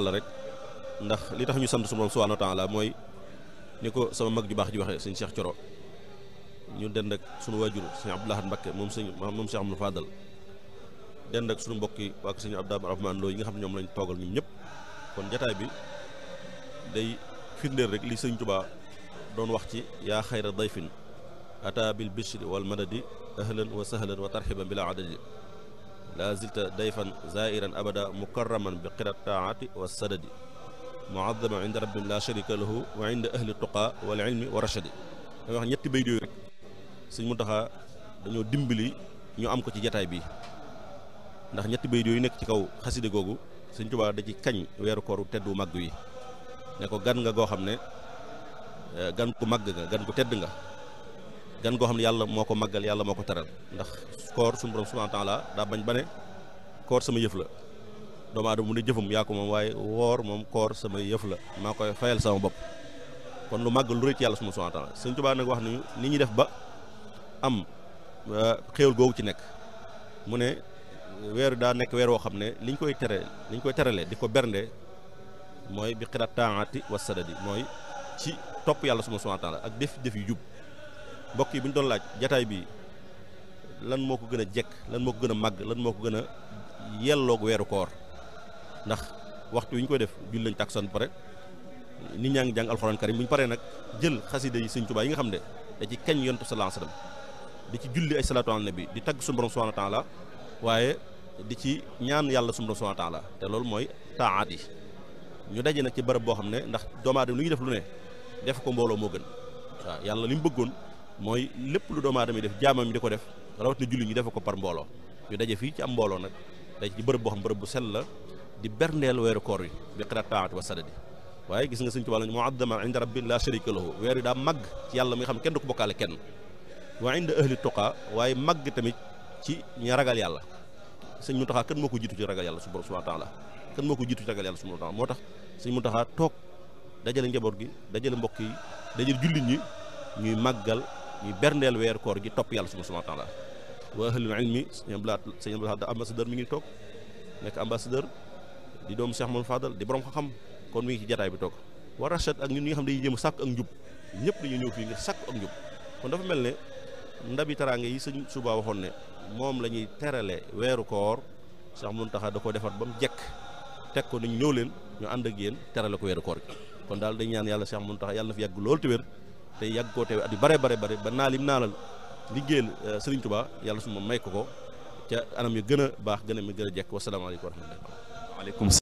yàlla rek ndax li tax ñu sant suñu borom subhanahu wa taala mooy ni ko sama mag ju baax ji waxee sëñ Cheikh Coro ñu dend ak sunu waajur sëñ Abdoulahat Mbakke moom sëñ moom Cheikh Amadou Fadal dend ak sunu mbokki waa sëñ Abdou Rahman Lo yi nga xam ne ñoom lañ toogal ñun ñëpp kon jataay bi day firndeel rek li sëñ Tuubaa doon wax ci yaa xayra dayfin ata bil bishri wal madadi ahlan wa sahlan wa tarxiban bila adadi laa zilta dayfan zairan abada mukarraman bi qirat taati wa sadadi muazama inda rabbin la sharika lahu wa inda ahli tuqa wal ilmi wa rachadi damay wax ñetti bay yooyu rek suñ mu taxaa dañoo dimbali ñu am ko ci jataay bi ndax ñetti bay yooyu nekk ci kaw xaside googu suñ tubaa da ci kañ weeru tedd wu màgg wi ne ko gan nga goo xam ne eh, gan ku màgg nga gan ku tedd nga gan goo xam ne yàlla moo ko màggal yàlla moo ko taral ndax koor suñu borom subhanahu wa daa bañ ba ne koor sama yëf la doomu aadama mu ne jëfam yaa ko moom waaye woor moom koor sama yëf la maa koy fayal sama bopp kon lu màgg lu rëy ci yàlla suma wa taala Sëñ Tuubaa nag wax nañu ni ñuy def ba am xéewal googu ci nekk mu ne weeru daa weer woo xam ne liñ koy tere liñ koy terale di ko bernde mooy bi xiraat taati wa sadadi mooy ci topp yàlla subhanahu wa taala ak def def yu jub mbokk yi bu ñu doon laaj jataay bi lan moo ko gën a jekk lan moo ko gën a màgg lan moo ko gën a yelloog weeru koor ndax waxtu wi ñu koy def julli lañ takkusaan ba pare nit ñaa ngi jàng alxuraan karim bu ñu paree nag jël xasida yi sëñ Tuubaa yi nga xam ne da ci kañ yontu sallallahu alayhi di ci julli ay salaatu ala di tagg suñu borom subhanahu wa la waaye di ci ñaan yàlla suñu borom subhanahu wa taala te loolu mooy taat yi ñu daje nag ci bërëb boo xam ne ndax doomu lu ñuy def lu def ko mbooloo moo gën waaw yàlla li bëggoon mooy lépp lu doomu aadama def jaamam yi di ko def rawatina julli ñu defe ko par mbooloo ñu daje fii ci am mbooloo nag daje ci bërëb boo xam bërëb bu sell la di berndeel weeru koor yi bi a taati wa sadadi waaye gis nga sëñ Tuubaa lañ muaddama inda rabbi la sharika lahu weer yi daa màgg ci yàlla mi nga xam kenn du wa inda ahli tuqaa waaye màgg tamit ci ñi yàlla sëñ Muntaxaa kan moo ko jiitu ci ragal yàlla subhaanahu wa taala kan moo ko jiitu ci ragal yàlla subhaanahu wa taala moo tax sëñ Muntaxaa toog dajale njaboot gi dajale mbokk yi dajale jullit ñi ñuy màggal ñuy berndeel weeru koor gi topp yàlla suma subhaanahu wa taala wa ahlul ilmi sëñ Abdoulaye sëñ Abdoulaye ambassadeur mi ngi toog nekk ambassadeur di doom Cheikh Mouhamed Fadal di borom xam-xam kon wi ngi ci jataay bi toog wa rachat ak ñu ni xam ne dañuy jëm sàkk ak njub ñëpp dañuy ñëw fii ngir sàkk ak njub kon dafa mel ne ndabi taraange yi sëñ Suba waxoon ne moom la ñuy terale weeru koor Cheikh Mountakha da ko defar ba mu jekk teg ko nañ ñëw leen ñu ànd ak yéen terale ko weeru koor gi kon daal dañ ñaan yàlla Cheikh Mountakha yàlla na fi yàgg lool te tey yàgg koo teewe at yu bare bare bare ba naa lim naanal liggéeyal euh, Serigne Touba yàlla su ma may ko ko ca anam yi gën a baax gën a mi gën a jekk wasalaamaaleykum wa rahmatulah